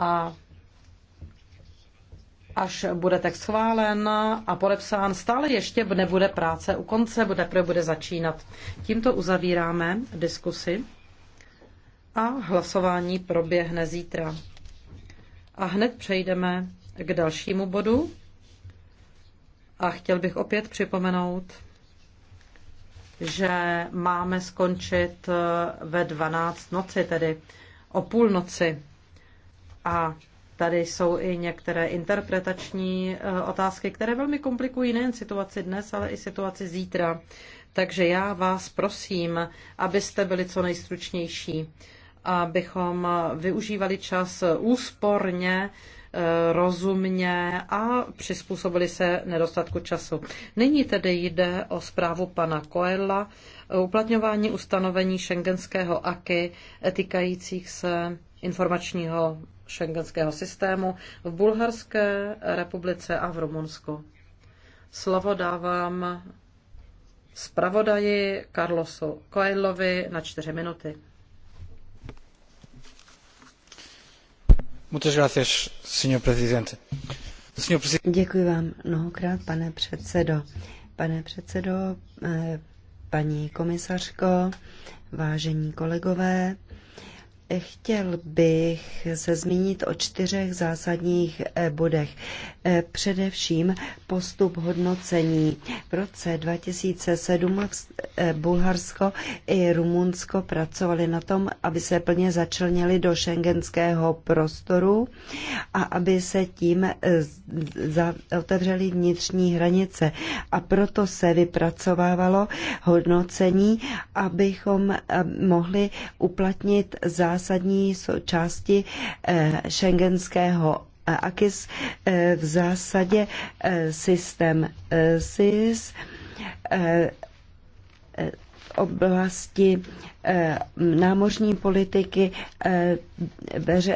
a až bude text schválen a podepsán, stále ještě nebude práce u konce, bude, bude začínat. Tímto uzavíráme diskusi a hlasování proběhne zítra. A hned přejdeme k dalšímu bodu. A chtěl bych opět připomenout, že máme skončit ve 12 noci, tedy o půlnoci. A tady jsou i některé interpretační eh, otázky, které velmi komplikují nejen situaci dnes, ale i situaci zítra. Takže já vás prosím, abyste byli co nejstručnější, abychom využívali čas úsporně, eh, rozumně a přizpůsobili se nedostatku času. Nyní tedy jde o zprávu pana Koella, uplatňování ustanovení šengenského AKY e, týkajících se informačního šengenského systému v Bulharské republice a v Rumunsku. Slovo dávám zpravodaji Carlosu Koelovi na čtyři minuty. Děkuji vám mnohokrát, pane předsedo. Pane předsedo, eh, paní komisařko, vážení kolegové, Chtěl bych se zmínit o čtyřech zásadních eh, bodech. Eh, především postup hodnocení. V roce 2007 eh, Bulharsko i Rumunsko pracovali na tom, aby se plně začlnili do šengenského prostoru a aby se tím otevřely vnitřní hranice. A proto se vypracovávalo hodnocení, abychom mohli uplatnit zásadní zásadní části šengenského eh, eh, AKIS eh, v zásadě systém SIS oblasti eh, námořní politiky, eh,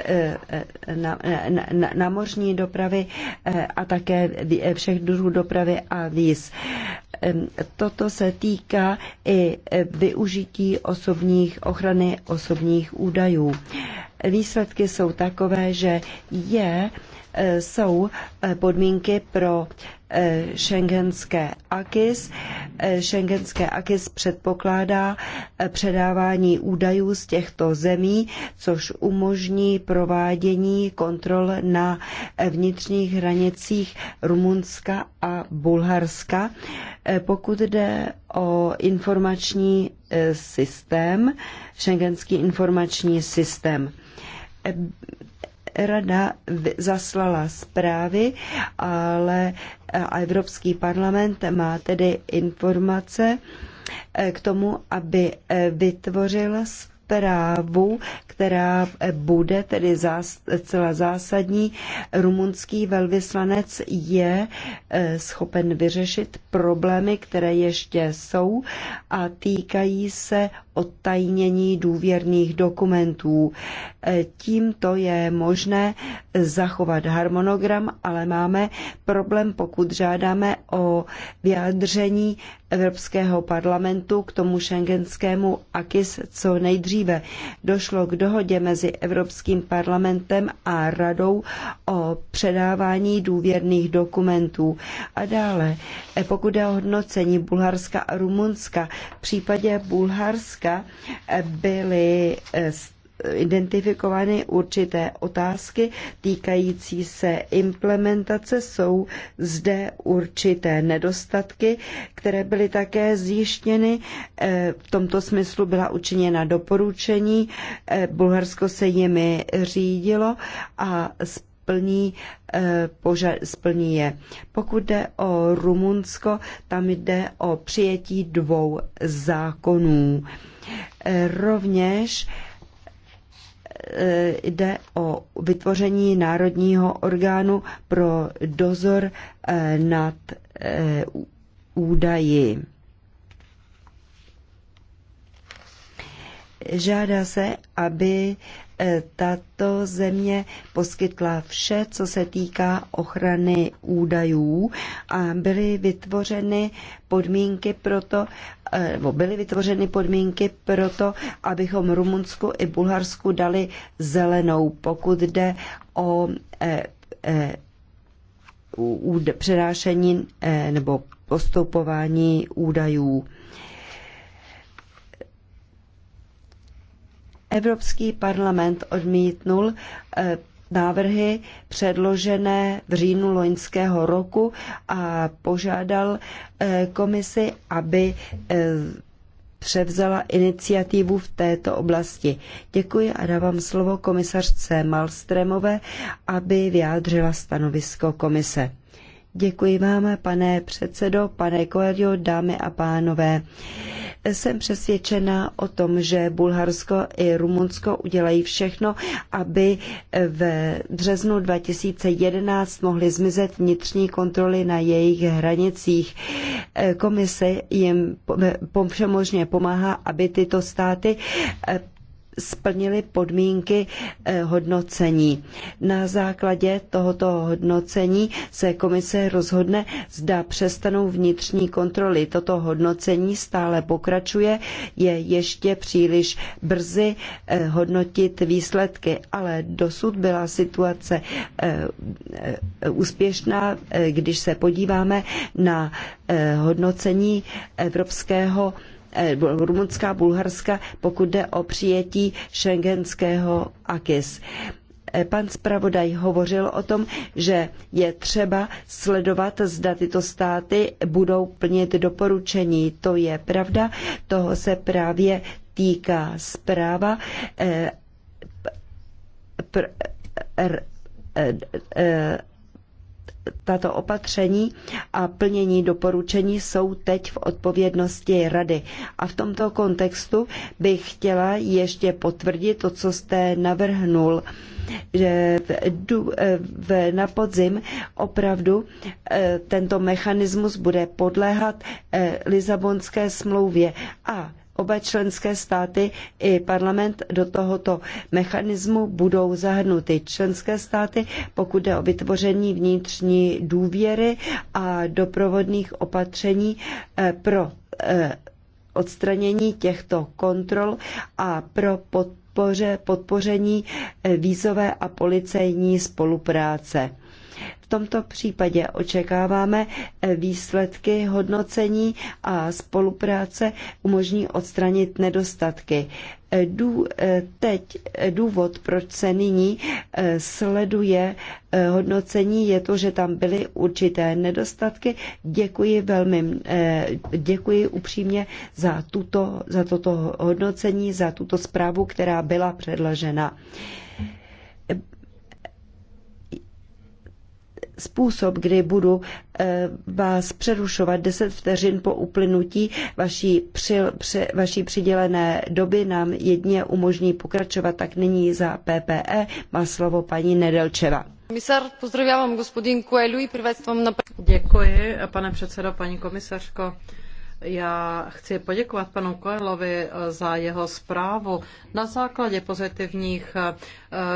eh, námořní dopravy a také všech druhů dopravy a víz. Toto se týká i využití osobních ochrany osobních údajů. Výsledky jsou takové, že je jsou podmínky pro Schengenské eh, AKIS. Schengenské eh, AKIS předpokládá eh, předávání údajů z těchto zemí, což umožní provádění kontrol na vnitřních hranicích Rumunska a Bulharska. Pokud jde o informační systém, Schengenský informační systém rada zaslala zprávy, ale a Evropský parlament má tedy informace eh, k tomu, aby eh, vytvořil zprávu, která eh, bude tedy zás, celá zásadní. Rumunský velvyslanec je schopen vyřešit problémy, které ještě jsou a týkají se odtajnění důvěrných dokumentů. E, tímto je možné zachovat harmonogram, ale máme problém, pokud žádáme o vyjádření Evropského parlamentu k tomu šengenskému AKIS co nejdříve. Došlo k dohodě mezi Evropským parlamentem a radou o předávání důvěrných dokumentů. A dále, e, pokud je o hodnocení Bulharska a Rumunska, v případě Bulharska Česka eh, byly eh, identifikovány určité otázky týkající se implementace. Jsou zde určité nedostatky, které byly také zjištěny. Eh, v tomto smyslu byla učiněna doporučení. Bulharsko se jimi řídilo a splní, poža- splní je. Pokud jde o Rumunsko, tam jde o přijetí dvou zákonů. Rovněž e, jde o vytvoření národního orgánu pro dozor e, nad e, údaji. Žádá se, aby eh, tato země poskytla vše, co se týká ochrany údajů a byly vytvořeny podmínky pro to, eh, nebo byly vytvořeny podmínky pro to, abychom Rumunsku i Bulharsku dali zelenou, pokud jde o eh, přenášení nebo postupování údajů. Evropský parlament odmítnul eh, návrhy předložené v říjnu loňského roku a požádal eh, komisi, aby eh, převzala iniciativu v této oblasti. Děkuji a dávám slovo komisařce Malstremové, aby vyjádřila stanovisko komise. Děkuji vám, pane předsedo, pane Koelio, dámy a pánové. Jsem přesvědčena o tom, že Bulharsko i Rumunsko udělají všechno, aby v březnu 2011 mohly zmizet vnitřní kontroly na jejich hranicích. Komise jim všemožně pomáhá, aby tyto státy splnili podmínky eh, hodnocení. Na základě tohoto hodnocení se komise rozhodne, zda přestanou vnitřní kontroly. Toto hodnocení stále pokračuje, je ještě příliš brzy eh, hodnotit výsledky, ale dosud byla situace eh, úspěšná, když se podíváme na hodnocení Evropského Eh, Rumunska a Bulharska, pokud jde o přijetí šengenského AKIS eh, pan zpravodaj hovořil o tom, že je třeba sledovat, zda tyto státy budou plnit doporučení. To je pravda, toho se právě týká zpráva. Eh, pr, eh, tato opatření a plnění doporučení jsou teď v odpovědnosti rady. A v tomto kontextu bych chtěla ještě potvrdit to, co jste navrhnul, že eh, na podzim opravdu eh, tento mechanismus bude podléhat eh, Lisabonské smlouvě a oba členské státy i parlament do tohoto mechanismu budou zahrnuty. Členské státy, pokud jde o vytvoření vnitřní důvěry a doprovodných opatření eh, pro eh, odstranění těchto kontrol a pro podpoře, podpoření eh, vízové a policejní spolupráce tomto případě očekáváme eh, výsledky hodnocení a spolupráce umožní odstranit nedostatky. Eh, dů, eh, teď důvod, proč se nyní sleduje hodnocení, je to, že tam byly určité nedostatky. Děkuji velmi, děkuji upřímně za, tuto, za toto hodnocení, za tuto zprávu, která byla předložena způsob, kdy budu eh, vás přerušovat 10 vteřin po uplynutí vaší, při, při, vaší přidělené doby, nám jedně umožní pokračovat, tak nyní za PPE má slovo paní Nedelčeva. Komisar, pozdravím gospodin Coelho i na... Děkuji, pane předsedo, paní komisařko. Já chci poděkovat panu Koelovi eh, za jeho zprávu. Na základě pozitivních eh,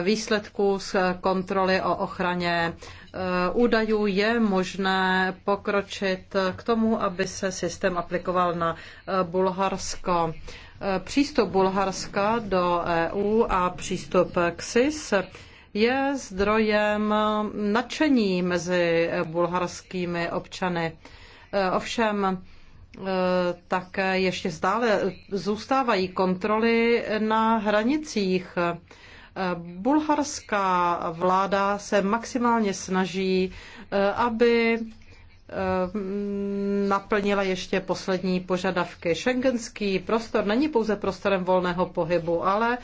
výsledků z kontroly o ochraně eh, údajů je možné pokročit k tomu, aby se systém aplikoval na Bulharsko. Přístup Bulharska do EU a přístup k SIS je zdrojem nadšení mezi bulharskými občany. Ovšem, Eh, tak ještě stále zůstávají kontroly na hranicích. Eh, bulharská vláda se maximálně snaží, eh, aby naplnila ještě poslední požadavky. Schengenský prostor není pouze prostorem volného pohybu, ale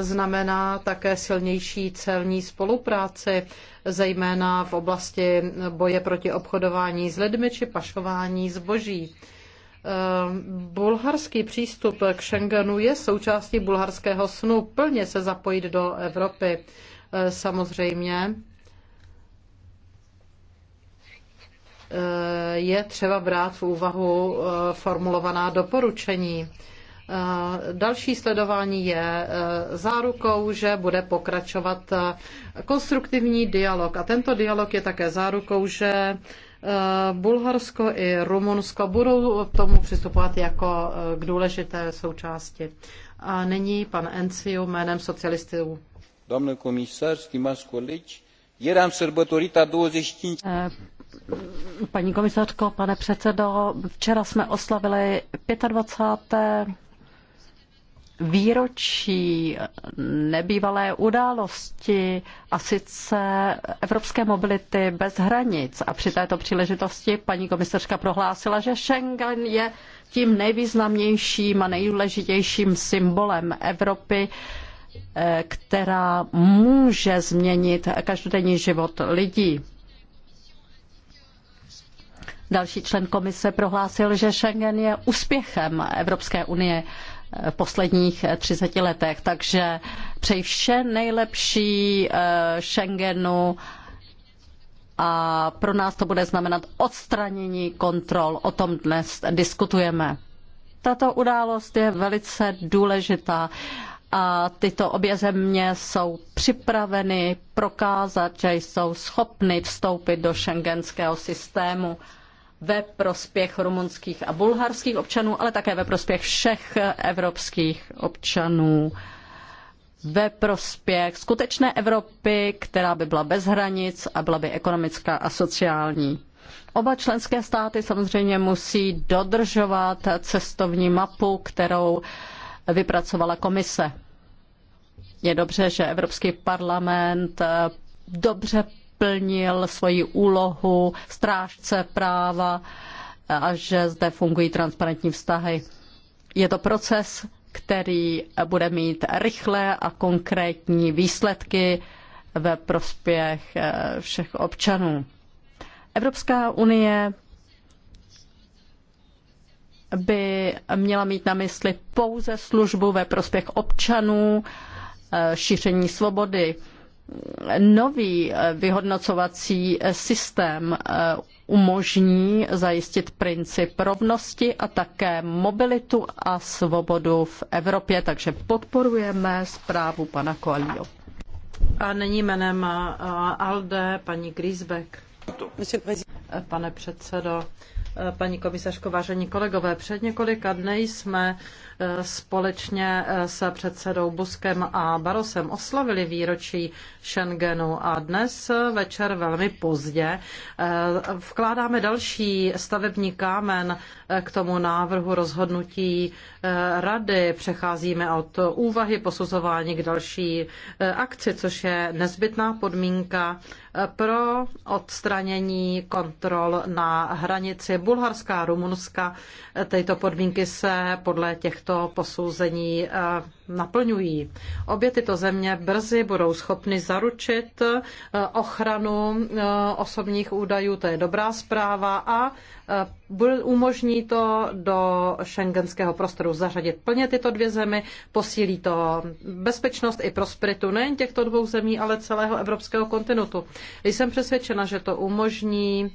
znamená také silnější celní spolupráci, zejména v oblasti boje proti obchodování s lidmi či pašování zboží. Ehm, bulharský přístup k Schengenu je součástí bulharského snu plně se zapojit do Evropy. Ehm, samozřejmě ehm, je třeba brát v úvahu formulovaná doporučení. Další sledování je zárukou, že bude pokračovat konstruktivní dialog. A tento dialog je také zárukou, že Eh, Bulharsko i Rumunsko budou k tomu přistupovat jako eh, k důležité součásti. A nyní pan Enciu jménem socialistů. Doamnă comisar, stimați colegi, ieri am 25 eh, Paní komisařko, pane předsedo, včera jsme oslavili 25 výročí nebývalé události a sice evropské mobility bez hranic. A při této příležitosti paní komisařka prohlásila, že Schengen je tím nejvýznamnějším a nejdůležitějším symbolem Evropy, eh, která může změnit každodenní život lidí. Další člen komise prohlásil, že Schengen je úspěchem Evropské unie posledních 30 letech. Takže přeji vše nejlepší eh, Schengenu a pro nás to bude znamenat odstranění kontrol. O tom dnes diskutujeme. Tato událost je velice důležitá a tyto obě země jsou připraveny prokázat, že jsou schopny vstoupit do šengenského systému ve prospěch rumunských a bulharských občanů, ale také ve prospěch všech evropských občanů ve prospěch skutečné Evropy, která by byla bez hranic a byla by ekonomická a sociální. Oba členské státy samozřejmě musí dodržovat cestovní mapu, kterou vypracovala komise. Je dobře, že Evropský parlament dobře plnil svoji úlohu strážce práva a že zde fungují transparentní vztahy. Je to proces, který bude mít rychlé a konkrétní výsledky ve prospěch eh, všech občanů. Evropská unie by měla mít na mysli pouze službu ve prospěch občanů, eh, šíření svobody, nový eh, vyhodnocovací eh, systém eh, umožní zajistit princip rovnosti a také mobilitu a svobodu v Evropě, takže podporujeme zprávu pana Koalio. A nyní jménem ALDE paní Griesbeck. Pane předsedo, paní komisařko, vážení kolegové. Před několika dny jsme eh, společně eh, s předsedou Buskem a Barosem oslavili výročí Schengenu a dnes večer velmi pozdě eh, vkládáme další stavební kámen k tomu návrhu rozhodnutí rady. Přecházíme od úvahy posuzování k další akci, což je nezbytná podmínka pro odstranění kontrol na hranici Bulharska Rumunská, Rumunska. Eh, tyto podmínky se podle těchto posouzení eh, naplňují. Obě tyto země brzy budou schopny zaručit eh, ochranu osobních údajů, to je dobrá zpráva a umožní to do šengenského prostoru zařadit plně tyto dvě zemi, posílí to bezpečnost i prosperitu nejen těchto dvou zemí, ale celého evropského kontinentu. Jsem přesvědčena, že to umožní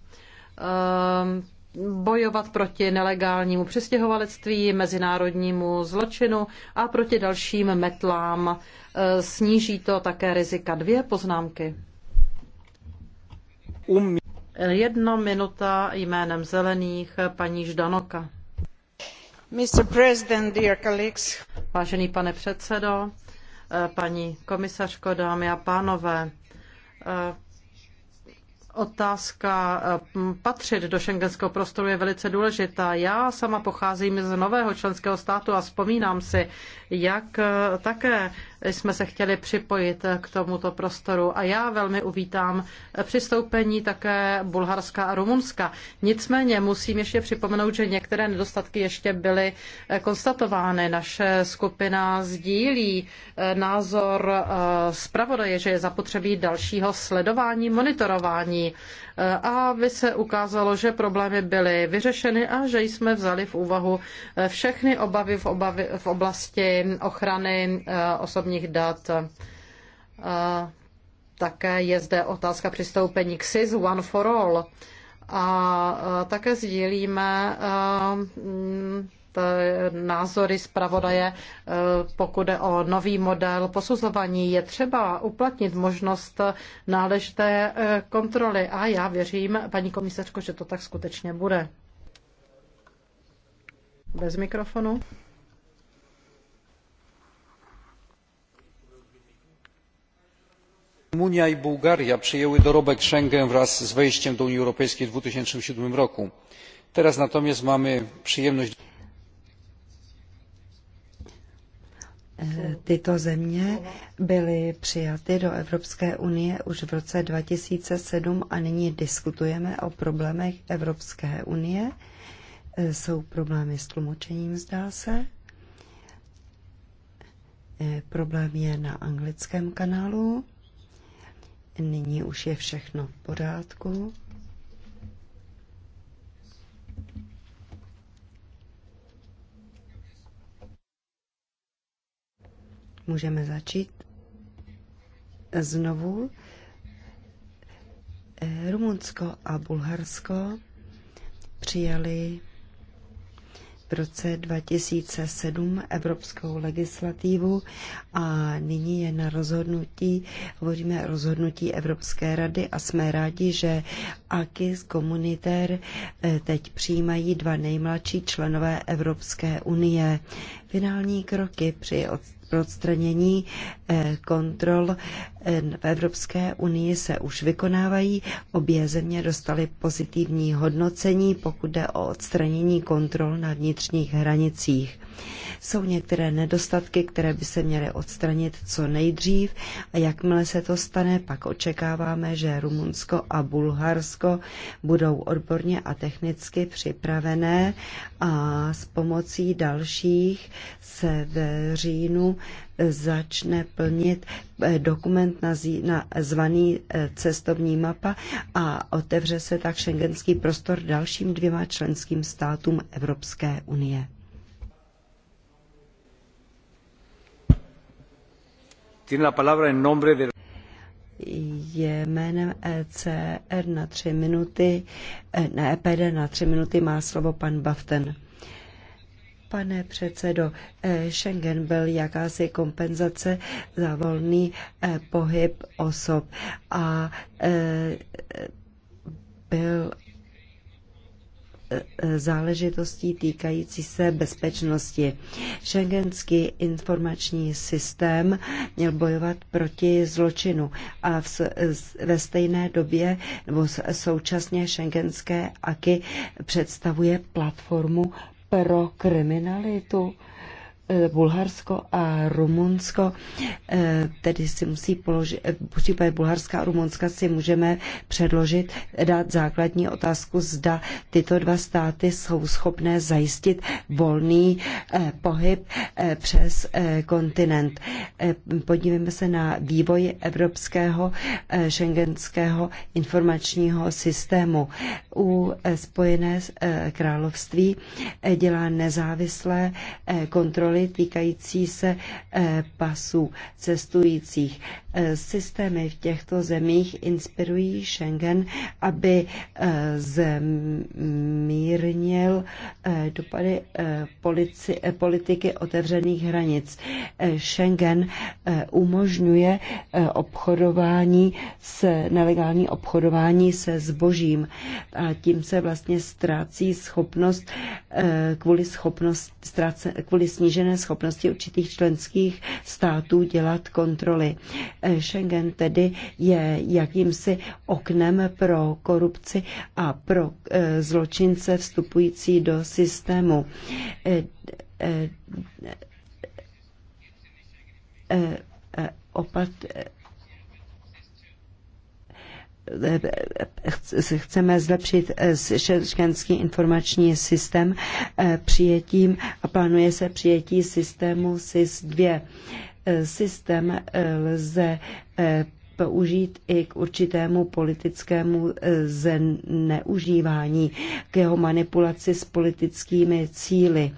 bojovat proti nelegálnímu přistěhovalectví, mezinárodnímu zločinu a proti dalším metlám. E, sníží to také rizika. Dvě poznámky. Um- Jedna minuta jménem zelených paní Ždanoka. Mr. President, dear colleagues. Vážený pane předsedo, e, paní komisařko, dámy a pánové, e, Otázka eh, patřit do šengenského prostoru je velice důležitá. Já sama pocházím z nového členského státu a vzpomínám si, jak eh, také jsme se chtěli připojit k tomuto prostoru. A já velmi uvítám přistoupení také Bulharska a Rumunska. Nicméně musím ještě připomenout, že některé nedostatky ještě byly eh, konstatovány. Naše skupina sdílí názor zpravodaje, že je zapotřebí dalšího sledování, monitorování Eh, a by se ukázalo, že problémy byly vyřešeny a že jsme vzali v úvahu eh, všechny obavy v, obavy, v oblasti ochrany eh, osobních dat. Také je zde otázka přistoupení k SIS One for All. A také sdílíme Eh, názory zpravodaje, eh, pokud jde o nový model posuzování. Je třeba uplatnit možnost náležité eh, kontroly a já věřím, paní komisařko, že to tak skutečně bude. Bez mikrofonu. rumunia i bułgaria przyjęły dorobek schengen wraz z wejściem do unii europejskiej w 2007. roku. teraz natomiast mamy przyjemność. Eh, tyto země byly přijaty do Evropské unie už v roce 2007 a nyní diskutujeme o problémech Evropské unie. Eh, jsou problémy s tlumočením, zdá se. Eh, problém je na anglickém kanálu. Nyní už je všechno v pořádku. Můžeme začít znovu. Eh, Rumunsko a Bulharsko přijali v roce 2007 evropskou legislativu a nyní je na rozhodnutí, hovoříme o rozhodnutí Evropské rady a jsme rádi, že AKIS komunitér eh, teď přijímají dva nejmladší členové Evropské unie. Finální kroky při odstavení odstranění Eh, kontrol eh, v Evropské unii se už vykonávají. Obě země dostaly pozitivní hodnocení, pokud jde o odstranění kontrol na vnitřních hranicích. Jsou některé nedostatky, které by se měly odstranit co nejdřív a jakmile se to stane, pak očekáváme, že Rumunsko a Bulharsko budou odborně a technicky připravené a s pomocí dalších se v říjnu začne plnit eh, dokument nazvaný eh, cestovní mapa a otevře se tak šengenský prostor dalším dvěma členským státům Evropské unie. je jménem ECR na tři minuty, eh, ne, EPD na tři minuty má slovo pan Baften. Pane předsedo, eh, Schengen byl jakási kompenzace za volný eh, pohyb osob a eh, byl záležitostí týkající se bezpečnosti. Schengenský informační systém měl bojovat proti zločinu a v, ve stejné době nebo současně Schengenské aky představuje platformu pro kriminalitu E, Bulharsko a Rumunsko, e, tedy si musí položit, v e, případě Bulharska a Rumunska si můžeme předložit, dát základní otázku, zda tyto dva státy jsou schopné zajistit volný pohyb přes kontinent. Podívejme se na vývoj evropského šengenského informačního systému. U Spojené království dělá nezávislé kontroly kontroly týkající se eh, pasů cestujících. Eh, systémy v těchto zemích inspirují Schengen, aby eh, zmírnil eh, dopady polici, politiky otevřených hranic. Schengen umožňuje obchodování s, nelegální obchodování se zbožím a tím se vlastně ztrácí schopnost kvůli, schopnost, ztráce, kvůli snížené schopnosti určitých členských států dělat kontroly. Schengen tedy je jakýmsi oknem pro korupci a pro e, zločince vstupující do systému e, e, opat chceme zlepšit šenský informační systém přijetím a plánuje se přijetí systému SIS-2 systém eh, lze eh, použít i k určitému politickému eh, zneužívání, k jeho manipulaci s politickými cíly.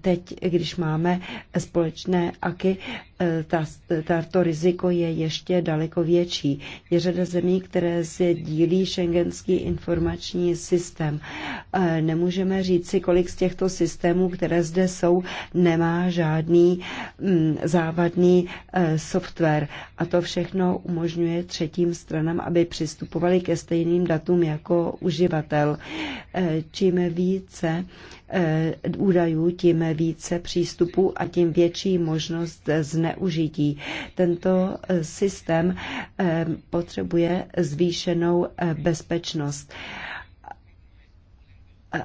Teď, když máme společné aky, Eh, ta, tato riziko je ještě daleko větší. Je řada zemí, které si dílí šengenský informační systém. Eh, nemůžeme říct si, kolik z těchto systémů, které zde jsou, nemá žádný mm, závadný eh, software. A to všechno umožňuje třetím stranám, aby přistupovali ke stejným datům jako uživatel. Čím více údajů, tím více přístupů a tím větší možnost zneužívat zneužití. Tento eh, systém eh, potřebuje zvýšenou eh, bezpečnost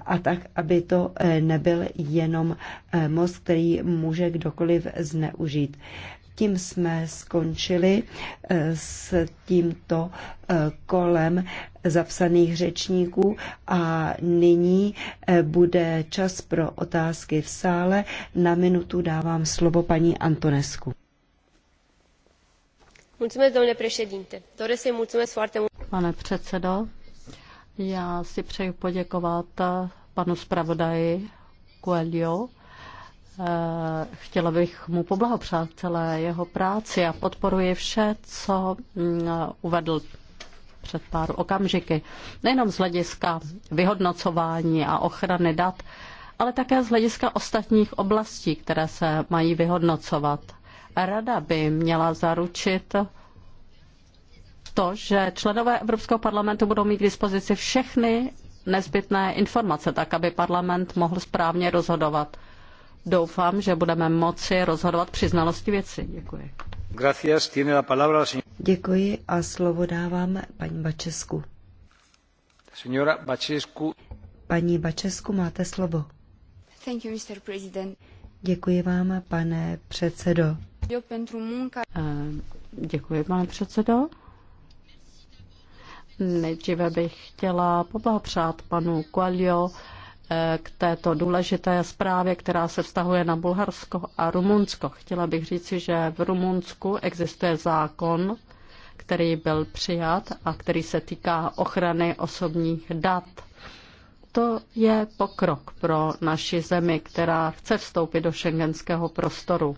a tak, aby to nebyl jenom most, který může kdokoliv zneužít. Tím jsme skončili eh, s tímto eh, kolem zapsaných řečníků a nyní eh, bude čas pro otázky v sále. Na minutu dávám slovo paní Antonesku. Pane předsedo, já si přeju poděkovat panu zpravodaji Coelho Eh, chtěla bych mu poblahopřát celé jeho práci a podporuji vše, co mm, uvedl před pár okamžiky. Nejenom z hlediska vyhodnocování a ochrany dat, ale také z hlediska ostatních oblastí, které se mají vyhodnocovat. Rada by měla zaručit to, že členové Evropského parlamentu budou mít k dispozici všechny nezbytné informace, tak aby parlament mohl správně rozhodovat doufám, že budeme moci rozhodovat při znalosti věci. Děkuji. Gracias, tiene la palabra, Děkuji a slovo dávám paní Bačesku. Bačesku. Paní Bačesku, máte slovo. Thank you, Mr. President. Děkuji vám, pane předsedo. Eh, děkuji, pane předsedo. Nejdříve bych chtěla poblahopřát panu Coelho k této důležité zprávě, která se vztahuje na Bulharsko a Rumunsko. Chtěla bych říci, že v Rumunsku existuje zákon, který byl přijat a který se týká ochrany osobních dat. To je pokrok pro naši zemi, která chce vstoupit do šengenského prostoru.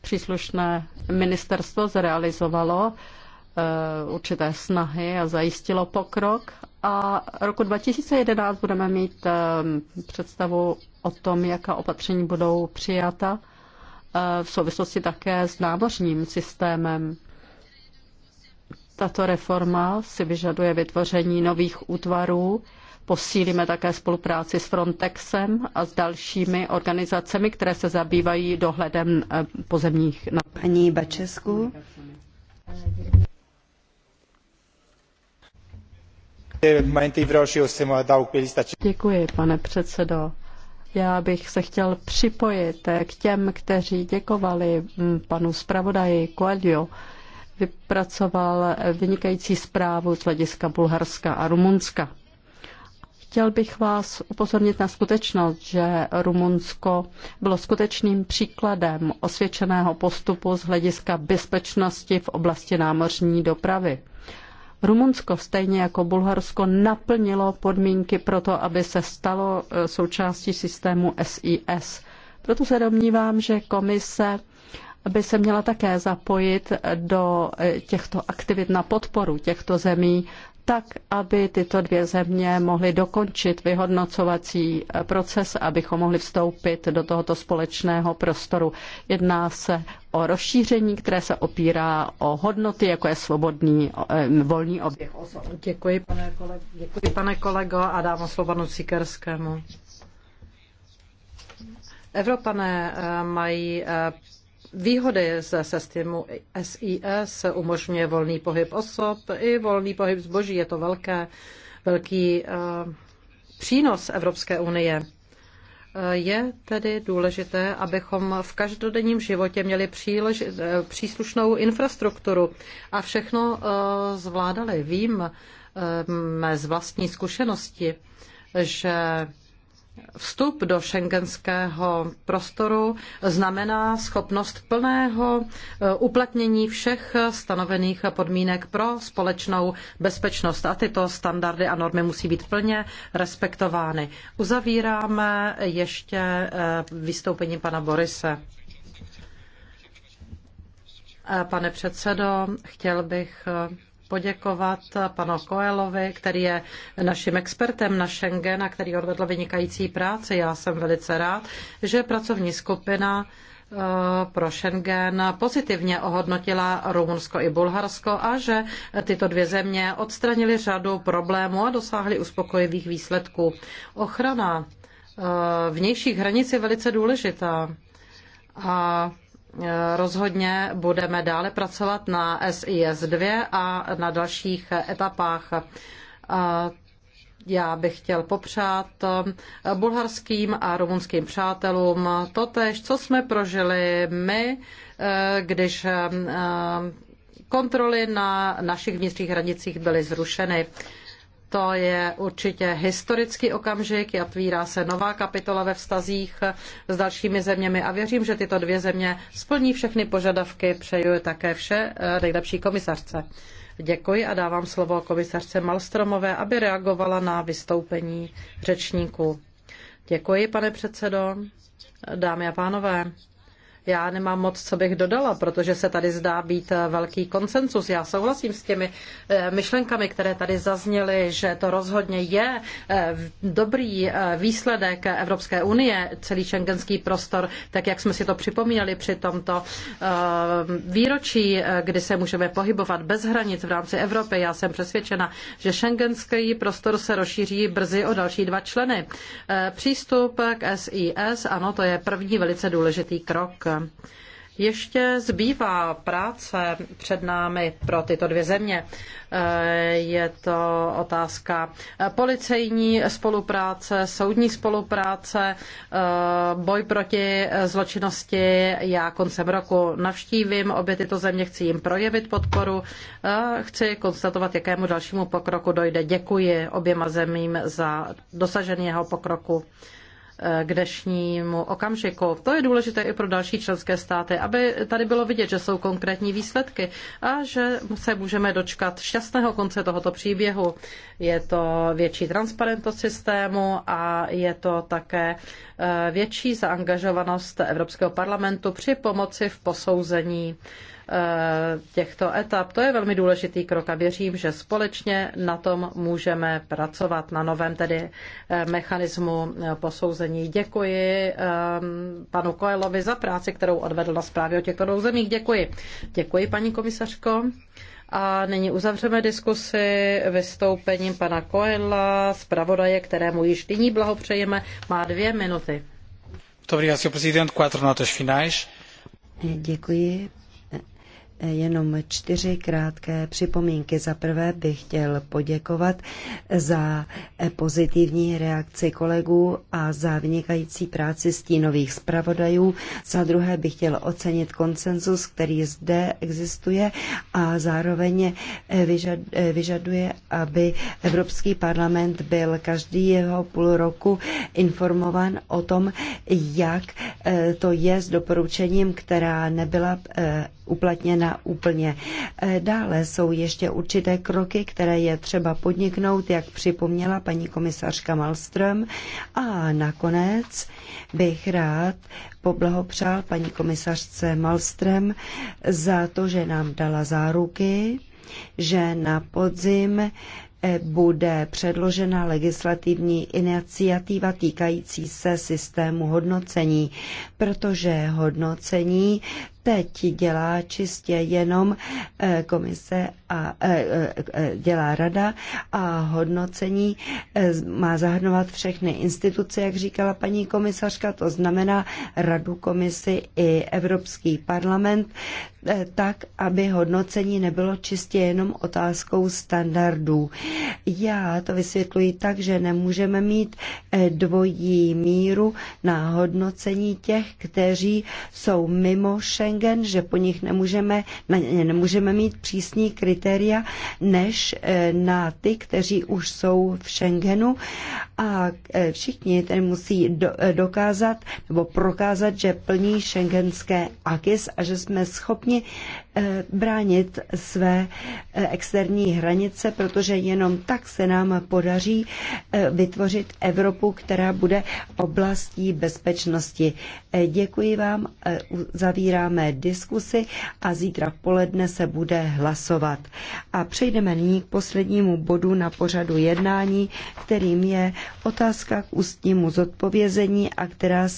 Příslušné ministerstvo zrealizovalo Eh, určité snahy a zajistilo pokrok. A roku 2011 budeme mít eh, představu o tom, jaká opatření budou přijata eh, v souvislosti také s námořním systémem. Tato reforma si vyžaduje vytvoření nových útvarů. Posílíme také spolupráci s Frontexem a s dalšími organizacemi, které se zabývají dohledem pozemních. Paní Bačesku. Děkuji, pane předsedo. Já bych se chtěl připojit k těm, kteří děkovali mm, panu zpravodaji coelhovi Vypracoval vynikající zprávu z hlediska Bulharska a Rumunska. Chtěl bych vás upozornit na skutečnost, že Rumunsko bylo skutečným příkladem osvědčeného postupu z hlediska bezpečnosti v oblasti námořní dopravy. Rumunsko, stejně jako Bulharsko, naplnilo podmínky pro to, aby se stalo eh, součástí systému SIS. Proto se domnívám, že komise by se měla také zapojit do eh, těchto aktivit na podporu těchto zemí tak, aby tyto dvě země mohly dokončit vyhodnocovací eh, proces, abychom mohli vstoupit do tohoto společného prostoru. Jedná se o rozšíření, které se opírá o hodnoty, jako je svobodný eh, volný oběh Děkuji, pane kolego, děkuji, pane kolego a dávám slovo panu Cikerskému. Evropané eh, mají Výhody ze systému SIS umožňuje volný pohyb osob i volný pohyb zboží. Je to velké, velký eh, přínos Evropské unie. Eh, je tedy důležité, abychom v každodenním životě měli přílež, eh, příslušnou infrastrukturu a všechno zvládali. Vím z vlastní zkušenosti, že Vstup do šengenského prostoru znamená schopnost plného eh, uplatnění všech stanovených podmínek pro společnou bezpečnost a tyto standardy a normy musí být plně respektovány. Uzavíráme ještě eh, vystoupení pana Borise. Eh, pane předsedo, chtěl bych poděkovat panu Koelovi, který je naším expertem na Schengen a který odvedl vynikající práci. Já jsem velice rád, že pracovní skupina eh, pro Schengen pozitivně ohodnotila Rumunsko i Bulharsko a že tyto dvě země odstranily řadu problémů a dosáhly uspokojivých výsledků. Ochrana eh, vnějších hranic je velice důležitá. A Eh, rozhodně budeme dále pracovat na SIS-2 a na dalších etapách. Eh, já bych chtěl popřát eh, bulharským a rumunským přátelům totež, co jsme prožili my, když kontroly na našich vnitřních hranicích byly zrušeny. To je určitě historický okamžik, otvírá se nová kapitola ve vztazích s dalšími zeměmi a věřím, že tyto dvě země splní všechny požadavky. Přeju také vše eh, nejlepší komisařce. Děkuji a dávám slovo komisařce Malstromové, aby reagovala na vystoupení řečníků. Děkuji, pane předsedo. Dámy a pánové, já nemám moc, co bych dodala, protože se tady zdá být eh, velký konsensus. Já souhlasím s těmi eh, myšlenkami, které tady zazněly, že to rozhodně je eh, dobrý výsledek Evropské unie, celý šengenský prostor, tak jak jsme si to připomínali při tomto výročí, kdy se můžeme pohybovat bez hranic v rámci Evropy. Já jsem přesvědčena, že šengenský prostor se rozšíří brzy o další dva členy. Přístup k SIS, ano, to je první velice důležitý krok ještě zbývá práce před námi pro tyto dvě země. Eh, je to otázka policejní spolupráce, soudní spolupráce, eh, boj proti zločinnosti. Já koncem roku navštívím obě tyto země, chci jim projevit podporu, chci konstatovat, jakému dalšímu pokroku dojde. Děkuji oběma zemím za dosaženého pokroku. Eh, k dnešnímu okamžiku. To je důležité i pro další členské státy, aby tady bylo vidět, že jsou konkrétní výsledky a že se můžeme dočkat šťastného konce tohoto příběhu. Je to větší transparentnost systému a je to také eh, větší zaangažovanost Evropského parlamentu při pomoci v posouzení Eh, těchto etap. To je velmi důležitý krok a věřím, že společně na tom můžeme pracovat, na novém tedy eh, mechanismu eh, posouzení. Děkuji panu Koelovi za práci, kterou odvedl na zprávě o těchto dvou zemích. Děkuji. Děkuji, paní komisařko. A nyní uzavřeme diskusi vystoupením pana Koela, zpravodaje, kterému již nyní blahopřejeme. Má dvě minuty. Dobrý prezident, quatro notas finais. Děkuji, jenom čtyři krátké připomínky. Za prvé bych chtěl poděkovat za pozitivní reakci kolegů a za vynikající práci stínových zpravodajů. Za druhé bych chtěl ocenit konsenzus, který zde existuje a zároveň vyžaduje, aby Evropský parlament byl každý jeho půl roku informován o tom, jak eh, to je s doporučením, která nebyla eh, uplatněna úplně. Eh, dále jsou ještě určité kroky, které je třeba podniknout, jak připomněla paní komisařka Malström. A nakonec bych rád poblahopřál paní komisařce Malström za to, že nám dala záruky, že na podzim eh, bude předložena legislativní iniciativa týkající se systému hodnocení, protože hodnocení teď dělá čistě jenom eh, komise a eh, eh, dělá rada a hodnocení má zahrnovat všechny instituce, jak říkala paní komisařka, to znamená radu komisi i Evropský parlament, tak, aby hodnocení nebylo čistě jenom otázkou standardů. Já to vysvětluji tak, že nemůžeme mít dvojí míru na hodnocení těch, kteří jsou mimo Schengen Schengen, že po nich nemůžeme, na ně nemůžeme mít přísní kritéria než eh, na ty, kteří už jsou v Schengenu a eh, všichni tedy musí eh, dokázat nebo prokázat, že plní šengenské akis a že jsme schopni Eh, bránit své eh, externí hranice, protože jenom tak se nám podaří eh, vytvořit Evropu, která bude oblastí bezpečnosti. Děkuji vám, zavíráme diskusy a zítra v poledne se bude hlasovat. A přejdeme nyní k poslednímu bodu na pořadu jednání, kterým je otázka k ústnímu zodpovězení a která se